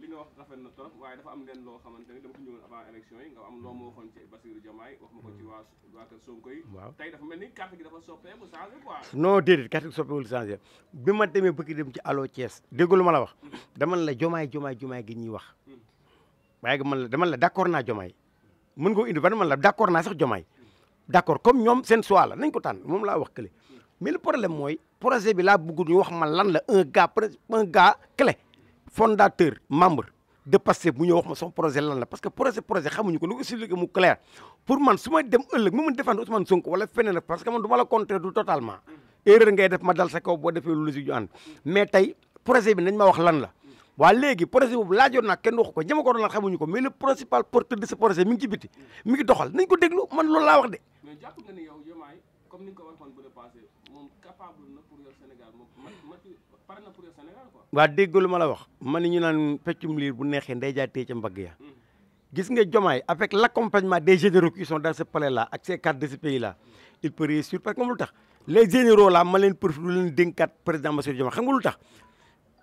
li nga wax waaye dafa am leen loo xamante ni dama ko ñëwoon avant élection yi nga am wax ma ko ci waa waa kër Sonko yi waaw tey dafa mel ni carte gi dafa soppeeku changé quoi non déedéet carte bi ma demee bëgg dem ci Allo Thiès déggu lu ma la wax mm-hmm. dama la Diomaye Diomaye Diomaye gi ñuy wax mm. waaye man la dama la d'accord naa Diomaye mën nga indi ban man la d'accord naa sax Diomaye mm. d'accord comme ñoom seen choix la nañ ko tànn moom laa wax kële mm. mais le problème mooy projet bi laa bëgg ñu wax man lan la un gars un fondateur membre de passé bu ñu wax ma son projet lan la parce que projet projet xamuñu ko lu expliquer mu clair pour man suma dem ëlëk mu mën défendre Ousmane Sonko wala fenen parce que man duma la contrer du totalement erreur ngay def ma dal sa kaw bo defé lu logique ju and mais tay projet bi nañ ma wax lan la wa légui projet bobu laajoon naa kenn wax ko ñama ko doon xamuñu ko mais le principal porteur de ce projet mi ngi ci biti mi ngi doxal nañ ko déglu man lool la wax dé mais japp nga ni yow yomaay comme ni ko waxon bu passé mom capable na pour yor Sénégal moom waa déggul ma la wax ma ni ñu naan peccum liir bu neexee ndey jaay tey ca mbagg ya mm-hmm. gis nga Diomaye avec l' compagnement des généraux qui sont dans ce palais là ak ces cadres de ce pays là il peut réussir parce que xam nga lu tax les généraux là ma leen lu leen dénkaat président Bassirou Diomaye xam nga lu tax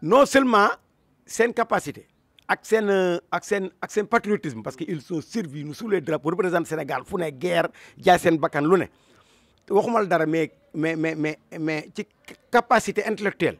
non seulement seen capacité ak seen ak seen ak seen patriotisme parce que ils sont servis nous sous les drapeaux représentent Sénégal fu ne guerre jaay seen bakkan lu ne waxuma mal dara mais mais mais mais mais ci capacité intellectuelle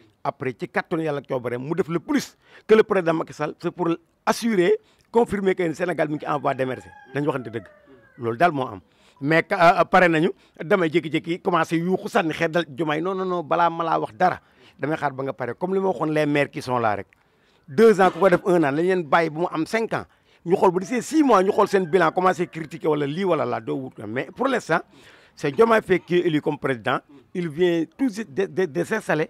après ci kattanu yàlla coobare mu def le plus que le président Macky Sall c'est pour assurer confirmer que le Sénégal mi ngi en voie d'émerger dañu waxante dëgg loolu daal moo am mais euh, paré nañu damay jékki-jékki commencé yuuxu san xeet dal jumaay non non non bala mala wax dara damay xaar ba nga paré comme li ma waxoon les maires qui sont là rek 2 ans ku ko def 1 an lañ leen bàyyi bu mu am 5 ans ñu xol bu di see six mois ñu xol sen bilan commencé critiquer wala li wala la do wut mais pour l'instant c'est Diomaye fek qui est élu comme président il vient tout de de de s'installer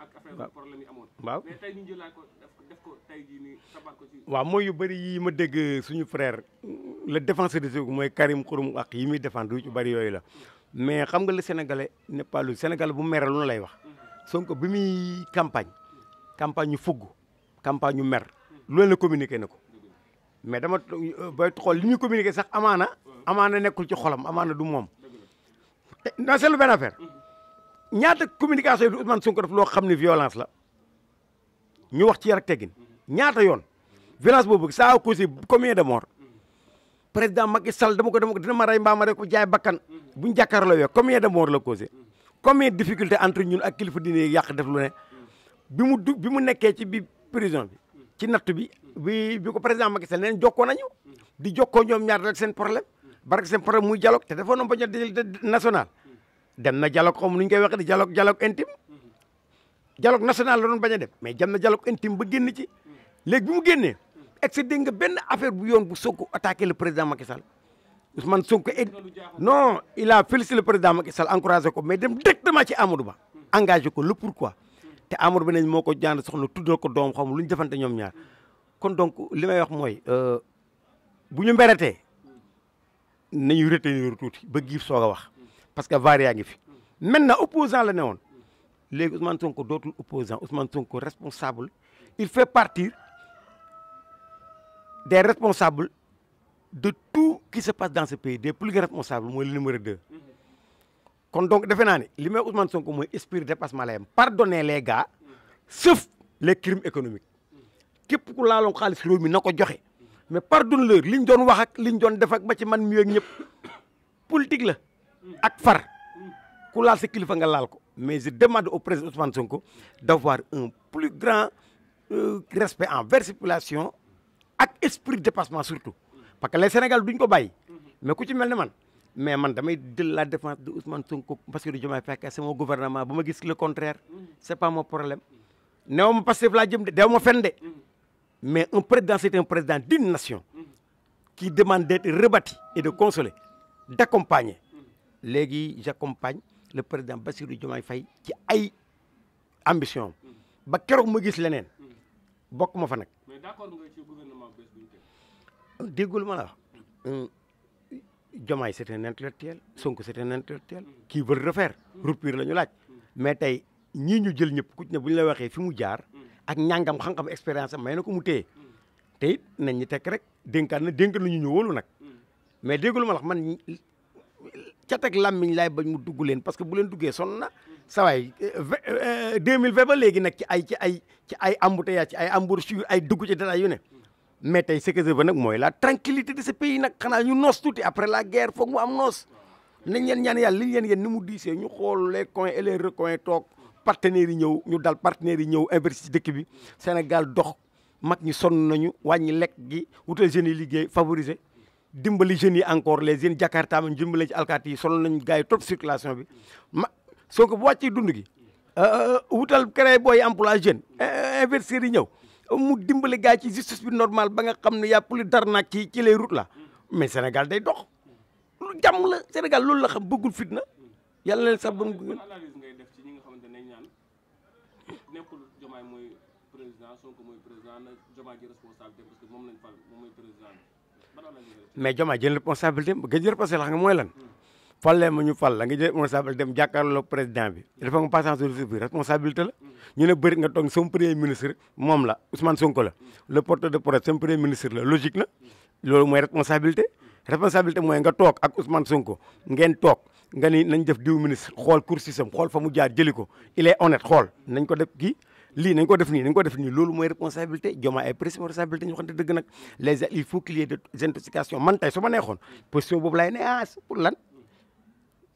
ak affaire problème yi mais tey ñu jëlaat def ko tey jii nii tabax ko ci. waaw mooy yu bëri yi ma dégg suñu frère le défenseur de des mooy Karim Xurum ak yi muy défendre yu ci bari yoy la mais xam nga le sénégalais n'est pas le Sénégal bu mère lu lay wax. Sonko bi muy campagne campagne ñu fugg campagne ñu mer loolu le communiquer nako mais dama boy xol li muy communiquer sax amana amana nekul ci xolam amana du mom te na seetlu benn affaire. Mm-hmm. ñaata communication bi Ousmane def loo xam ne violence la ñu wax ci yar ak ñaata yoon violence boobu ça a causé combien de morts président Macky Sall dama ko dama ko dina ma rey mbaa ma rey ko jaay bakkan buñ jàkkaarloo yooyu combien de moor la causé combien difficulté entre ñun ak kilifa dine yàq def lu ne bi mu du bi mu nekkee ci bi prison bi ci natt bi bi bi ko président Macky Sall neen jokkoo nañu di jokkoo ñoom ñaar rek seen problème barek seen problème muy dialogue te dafa noon baño national dem na dialogue xaw ma nu ñu koy waxee di dialogue dialogue intime dialogue national la doon bañ a dem mais jam na dialogue intime ba génn ci léegi bi mu génnee excédé nga benn affaire bu yoon bu Sonko attaqué le président Macky Sall Ousmane Sonko non il a félicité le président Macky Sall encouragé ko mais dem directement ci Amadou Ba engagé ko le pourquoi te Amadou Ba ne moo ko jaan soxna tuddal ko doom xaw ma lu ñu defante ñoom ñaar kon donc li may wax mooy euh, bu ñu mberetee nañu retenir tuuti ba giif soog a wax parce que vaar yaa ngi fi maintenant opposant la ne les Ousmane Sonko dootul opposant Ousmane Sonko responsable il fait partie des responsables de tout qui se passe dans ce pays des plus grands responsables moi le numéro 2..! kon donc defe naa Ce que may Ousmane Sonko mooy esprit dépassement Pardonnez les gars sauf les crimes économiques képp ku laaloon xaalis réew mi na joxe mais pardonnez leur liñ doon wax ak liñ doon def ak ba ci man ak politique ak far ku laal sa kilifa nga laal ko mais je demande au président Ousmane Sonko d'avoir un plus grand euh, respect envers la population avec esprit de dépassement surtout parce que les Sénégal duñ ko bàyyi mais ku ci mel man mais man damay la défense de Ousmane Sonko parce que du Diomaye Faye c'est mon gouvernement je dis le contraire c'est pas mon problème passé de de mais un président c'est un président d'une nation qui demande d'être rebâti et de consoler d'accompagner léegi j'accompagne le président Bassirou Diomaye Faye ci ay ambition ba keroog mo gis leneen bokk ma fa nak. mais d'accord nga ci gouvernement bés bu ñu teg. déggul ma la euh, Diomaye c'est un intellectuel Sonko c'est un intellectuel qui veut refaire rupture lañu ñu laaj mais tay ñi ñu jël ñëpp ku ci ne bu la waxé fi mu jaar ak ñangam xam-xam expérience am may na ko mu téye te it nañ ñi tekk rek dénkaan na dénk nañu ñu wóolu nag mm. mais déggul ma la man cat ak làmmiñ laay bañ mu dugg leen parce que bu leen duggee sonn na sa a euh, deux mille vingt ba léegi nag ci ay ci ay ci ay embouteillage ci ay embouchure ay dugg ci détail yu ne mais tey ce que je mooy la tranquillité de ce pays nag ñu noos tuuti après la guerre foog mu am noos nañ leen ñaan yàlla liñ leen yéen ni mu diisee ñu xool les coins et les recoins toog partenaires yi ñëw ñu dal partenaires yi ñëw investir ci dëkk bi Sénégal dox mag ñi sonn nañu wàññi lekk gi wutal jeunes yi liggéey favoriser dimbali jeunes yi encore les jeunes jakarta ma dimbali ci alkaati yi sonal nañu gars yi trop circulation bi ma soo ko bu wàccee dund gi euh, euh, euh, wutal créé booy emploi jeune investisseurs yi ñëw mu dimbali gars ci justice bi normal ba nga xam ne y'a plus d'arnaque ci ci les routes là mais Sénégal day dox lu la Sénégal loolu la xam bëggul fitna yàlla leen sax ba mu gën analyse ngay def ci ñi nga xamante ne ñaan nekkul Diomaye mooy président Sonko mooy président na Diomaye ji responsabilité moom lañ fal moom mooy président mais Diomaye jël responsabilité am nga jël responsabilité xam nga mooy lan. fallee ma ñu fal bi. dafa am passage de service la. ñu ne bëri nga toog sama premier ministre moom la Ousmane Sonko la. le porteur de projet sama premier ministre la logique loolu mooy responsabilité. responsabilité mooy nga toog ak Ousmane Sonko ngeen toog. nga ni nañ def diw ministre xool cour système xool fa mu jaar jëli ko il est honnête xool nañ ko def kii lii nañ ko def nii nañ ko def nii loolu mooy responsabilité Diomaye ay prise responsabilité ñu waxante dëgg nag les il faut qu'il y ait des intoxications man tey su ma neexoon position boobu laay ne ah lan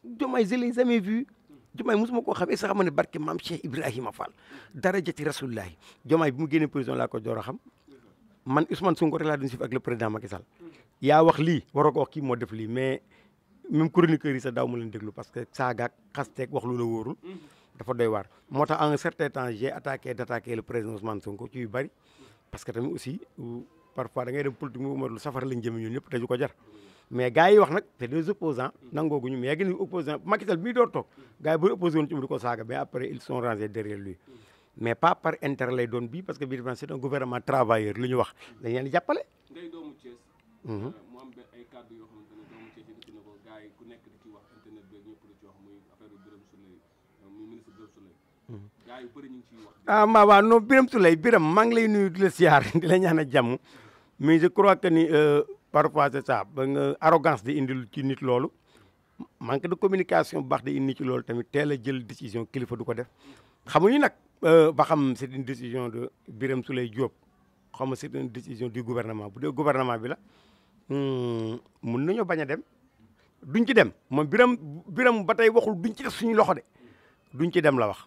Diomaye je l'ai jamais vu Diomaye mosuma koo xam sax ma ne barke maam Cheikh Ibrahima Fall dara jëti rasulullahi Diomaye bi mu génnee prison laa ko door a xam man Ousmane Sonko rek laa doon suuf ak le président Macky Sall yaa wax lii waroo ko wax kii moo def lii mais même chroniqueur yi sa daaw ma leen déglu parce que saagaak xasteeg wax lu la wóorul dafa doy waar moo tax en un certain temps j'ai attaqué d'attaquer le président Ousmane Sonko ci yu bëri parce tamit aussi parfois da ngay dem politique mu lu safara lañ jëme ñun ñëpp te du ko jar mais gars yi wax nag c'est des opposants nangooguñu mais yegg ni opposant Macky Sall bi door toog gars yi bu woon ci mu saaga mais après ils sont rangés derrière lui mais pas par intérêt lay doon bii parce que bii c'est un gouvernement travailleur lu ñu wax dañ leen ah maa waaw non Birame Souleye Birame ngi lay nuyu di la siyaar di la ñaan a jàmm mais je crois que ni euh, parfois c'est ça ba nga arrogance di indil ci nit loolu manque de communication bu baax di indi ci loolu tamit teel a jël décision kilifa du ko def xamuñu nag euh, ba xam c'est une décision de Birame Souleye Diop xam nga c'est une décision du gouvernement bu dee gouvernement bi la hmm, mun nañoo bañ a dem duñ ci dem ma Birame Birame ba tey waxul duñ ci suñu loxo de duñ ci dem la wax.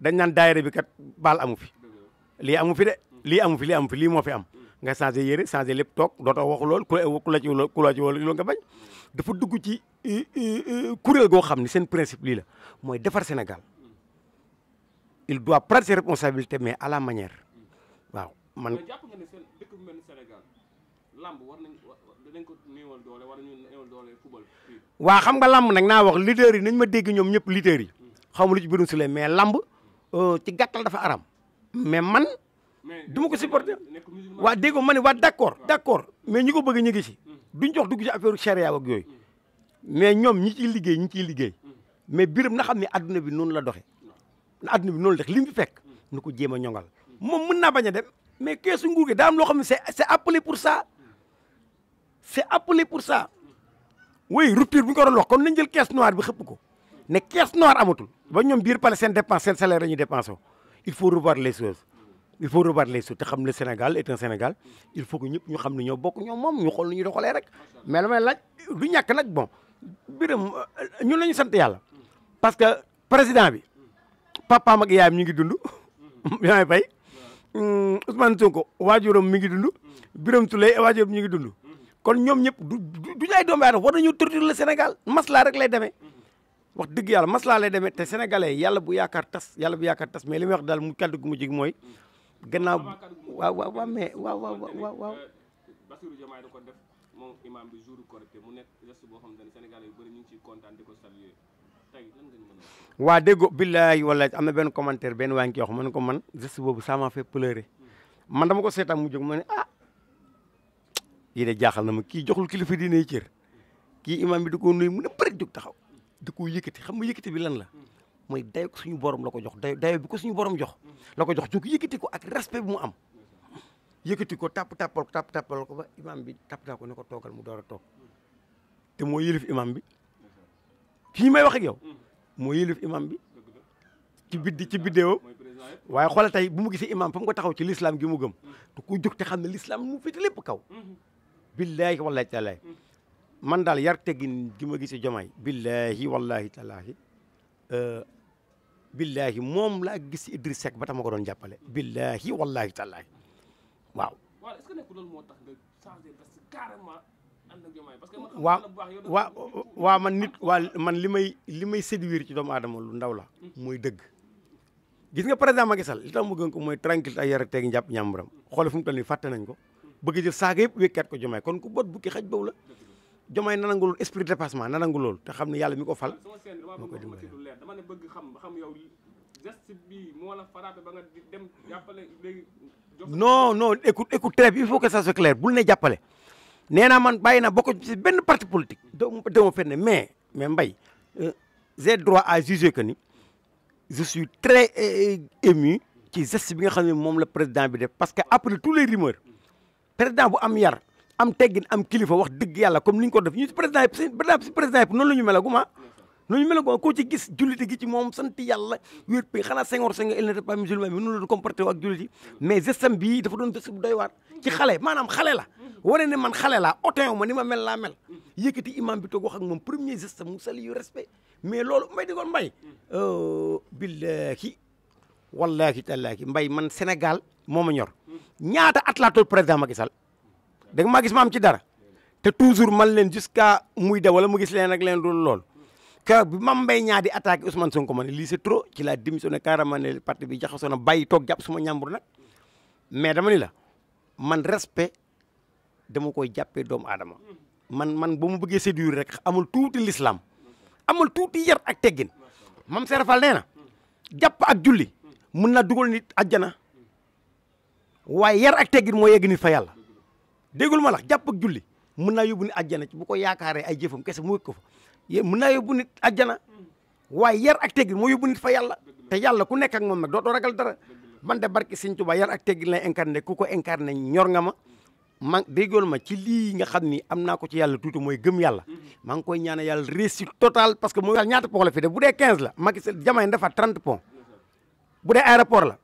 dañ naan daayira bi kat baal amu fi lii amu fi de lii amu fi lii amu fi moo fi am nga changé yére changé lépp toog dootoo wax lool ku la ci ku la ci woo loolu nga bañ dafa dugg ci kuréel goo xam ne seen principe lii la mooy defar Sénégal il doit prendre ses responsabilités mais à la manière waaw man. jàpp nga ne seen dëkk lamb war nañ dinañ ko néewal doole war nañu néewal xam nga lamb nag naa wax leader yi nañ ma dégg ñoom ñëpp leader yi. lu ci biirum si mais lamb. Eh, ci gattal dafa aram mais man duma ko supporter wa dego man wa d'accord d'accord mais ñi ko bëgg ñi ngi ci hmm. duñ jox dugg ci affaire sharia ak yoy hmm. mais ñom ñi ci liggéey ñi ci liggéey hmm. mais biram na xamni aduna bi non la doxé aduna bi non la doxe li fi fekk nuko jema ñongal mom mën naa bañ dem mais kessu nguur gi daa am lo xamni c'est c' appelé pour ça c'est appelé pour ça oui rupture bu ko doon wax kon nañ jël caisse noire bi xëpp ko ne caisse noire amatul ba ñom biir pale sen dépenses sen salaire ñu dépenser il faut revoir les choses il faut revoir les choses te xam le Sénégal est un Sénégal il faut que ñëpp ñu xam ne ñoo bokk ñoom mom ñu xol nu ñu doxale rek mais la laj laaj du ñàkk nag bon biram euh, ñu lañu sante yalla parce que président bi papa ak yaay ñu ngi dundu yaa ngi fay hmm, Ousmane Sonko wajuram mi ngi dundu Biram Toulé waajuram mi ngi dundu kon ñom ñëpp du du ay doomu aadama war nañu torturer le Sénégal mas la rek lay démé wax dëgg yàlla maslaa lay demee te sénégalais yàlla bu yaakaar tas yàlla bu yaakaar tas daal mu kaddu gu mujj gi mooy gannaaw waaw waaw waaw mais waaw waaw waaw waaw euh, Bassirou Diomaye da ko def moom imam bi jour Korité a na benn commentaire benn waa ngi man ko man geste boobu ça m'a fait pleurer hmm. man ko seetaan mu jóg ma ne ah yii de jaaxal na ma kii joxul kilifa diine cër kii imam bi da ko nuyu mu ne bëri jóg taxaw da koo yëkkati xam nga yëkkati bi lan la mooy dayo ko suñu borom la ko jox dayo dayo bi ko suñu borom jox la ko jox jóg yëkkati ko ak respect bi mu am yëkkati ko tàpp tàppal ko tàpp tàppal ko ba imam bi tàpp naa ko ko toogal mu door a toog te moo yëlif imam bi fii may wax ak yow bi ci biddi ci biddéewam waaye xoolal tey bu mu gisee imam ko taxaw ci l'islam gi mu gëm te ku jóg te xam ne l'islam mu féete lépp kaw mm-hmm. billaahi wallahi taalaay man daal yar teggin gi ma gisee Jomaay billaahi wallaahi tallaahi euh, billaahi moom laa gis Idriss Seck ba tax ma ko doon jàppale billaahi wallaahi tallaahi waaw. man nit waa man li may li may séduire ci doomu aadama lu ndaw la mhm. mooy dëgg gis nga président Macky Sall li tax mu gën ko mooy tranquille ay yar teggin jàpp ñàmburam xool fu mu toll nii fàtte nañ ko bëgg jël saaga yëpp wékkaat ko Jomaay kon ku bot bukki xaj boobu la Diomaye na nangu esprit de dépassement nanangul nangu te xamni yalla mi ko fal. moo koy dimbale dama ne bëgg xam xam yow geste bi mo la faraate ba nga dem jàppale léegi. non non écoute écoute très bien il faut que ça soit clair bul ne jàppale néna man bayina naa bokk ci benn parti politique. doo mo fenn mais mais mbay euh, j'ai droit à juger que ni je suis très euh, ému ci geste bi nga xam mom le président bi def parce que après tous les rumeurs président bu am yar. am teggin am kilifa wax dëgg yàlla comme ni ñu ko def ñu si président yëpp si président guma noonu ñu mel guma koo ci gis julliti gi ci moom sant yàlla wér bi xanaa Senghor Senghor il n'était pas musulman bi noonu la doon comporté ak julliti mais gestam bii dafa doon geste bu doy waar ci xale maanaam xale la wane ne man xale laa otew ma ni ma mel laa mel yëkkati imam bi toog wax ak moom premier gestam mu respect mais loolu mbay di koon mbay oh, billaahi man Sénégal moo ma ñor ñaata at laa toog président Macky Sall da nga maa gis ma am ci dara te toujours man len jusqu'à muy de wala mu gis len ak len dul lol keroog bi Mame Mbaye Niang di attaqué Ousmane Sonko man li c'est trop ci la démissionné carrément le parti bi jaxasoo na bàyyi toog suma ñambur nak mais dama ni la man respect dama koy jappé doomu adama man man bu mu bëggé séduire rek amul tuuti l'islam amul tuuti yar ak teggin mam serafal nee na ak julli mun na dugal nit aljana waye yar ak teggin mo yegg nit fa yalla déggul ma la jàpp ak julli mën naa yóbbu nit àjjana bu ko yaakaaree ay jëfam kese mu wékk ko fa mën naa yóbbu nit àjjana waaye yar ak teggin moo yóbbu fa yàlla te yàlla ku nekk ak moom nag dootoo ragal dara man de barke Sëñ Tuubaa ak teggin lay incarné ku ko incarné ñor nga ma ma déggoon ma ci lii nga xam ni am naa ko ci yàlla tuuti mooy gëm yàlla maa ngi koy ñaanal yàlla réussite totale parce que mooy ñaata pont fi de bu dee 15 la Macky Sall Diomaye dafa 30 pont bu dee aéroport la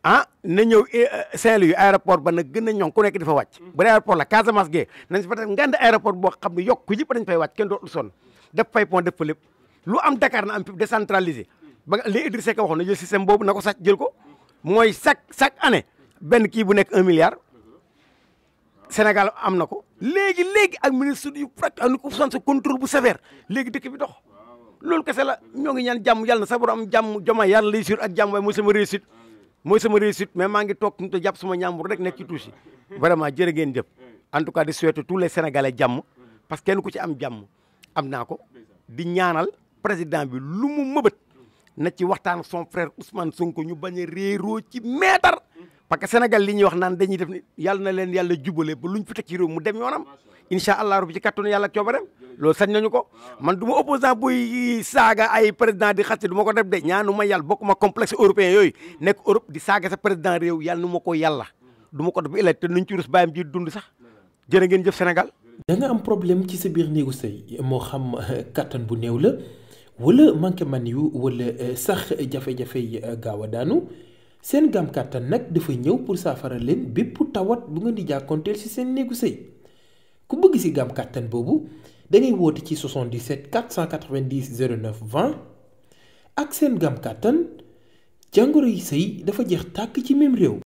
ah na ñëw eh, Saint-Louis aéroport ba nag gën na ñoŋ ko nekk di fa wàcc. Mm. bu dee aéroport la Casamance gee nañ fa def ngand aéroport boo xam ne yokku yëpp dañ fay wàcc kenn dootul sonn def fay pont def fa lépp lu am Dakar na am décentralisé ba li Idrissa Seck waxoon na jël système na ko sàcc jël ko mooy chaque chaque année benn kii bu nekk un milliard Sénégal am na ko léegi léegi ak ministre yu pratique ak nu ko sant contrôle bu sévère léegi dëkk bi dox loolu kese la ñoo ngi ñaan jàmm yàlla sa borom am jàmm joma yàlla lay sur ak jàmm waaye mooy sama réussite mais maa ngi toog ñu jàpp sama ñaambur rek nekk ci tuuti vraiment jërë ngeen jëf en tout cas di souhaiter tous les sénégalais jàmm parce que ku ci am jàmm am naa ko di ñaanal président bi lu mu mëbët na ci waxtaan son frère Ousmane Sonko ñu bañ a réeroo ci meetar parce que Sénégal li ñuy wax naan dañuy def ni na leen yàlla jubale ba luñ fi teg ci réew mu dem yoonam incha allah rabbi ci kattanu yàlla ak coobareem loolu sañ nañu ko man du ma opposant buy saaga ay président di xaste du ma ko def de ñaanu ma yàlla bokk ma complexe européen yooyu nekk Europe di saaga sa président réew yàlla nu ma ko yàlla du ko def ëllëg te nuñ ci rus bàyyam ji dund sax jërë ngeen jëf Sénégal da nga am problème ci sa biir néegu sëy moo xam euh, kattan bu néew la wala manqué man yu wala euh, sax jafe-jafe yi euh, gaaw a daanu seen gam kattan nag dafa ñëw pour saafara leen bépp tawat bu nga di jàkkoonteel ci seen néegu sëy ku bëgg si gam kàttan boobu da ngay woote ci 77 490 09 20 ak seen gam kàttan jàngoro yi sëy dafa jeex tàkk ci même réew.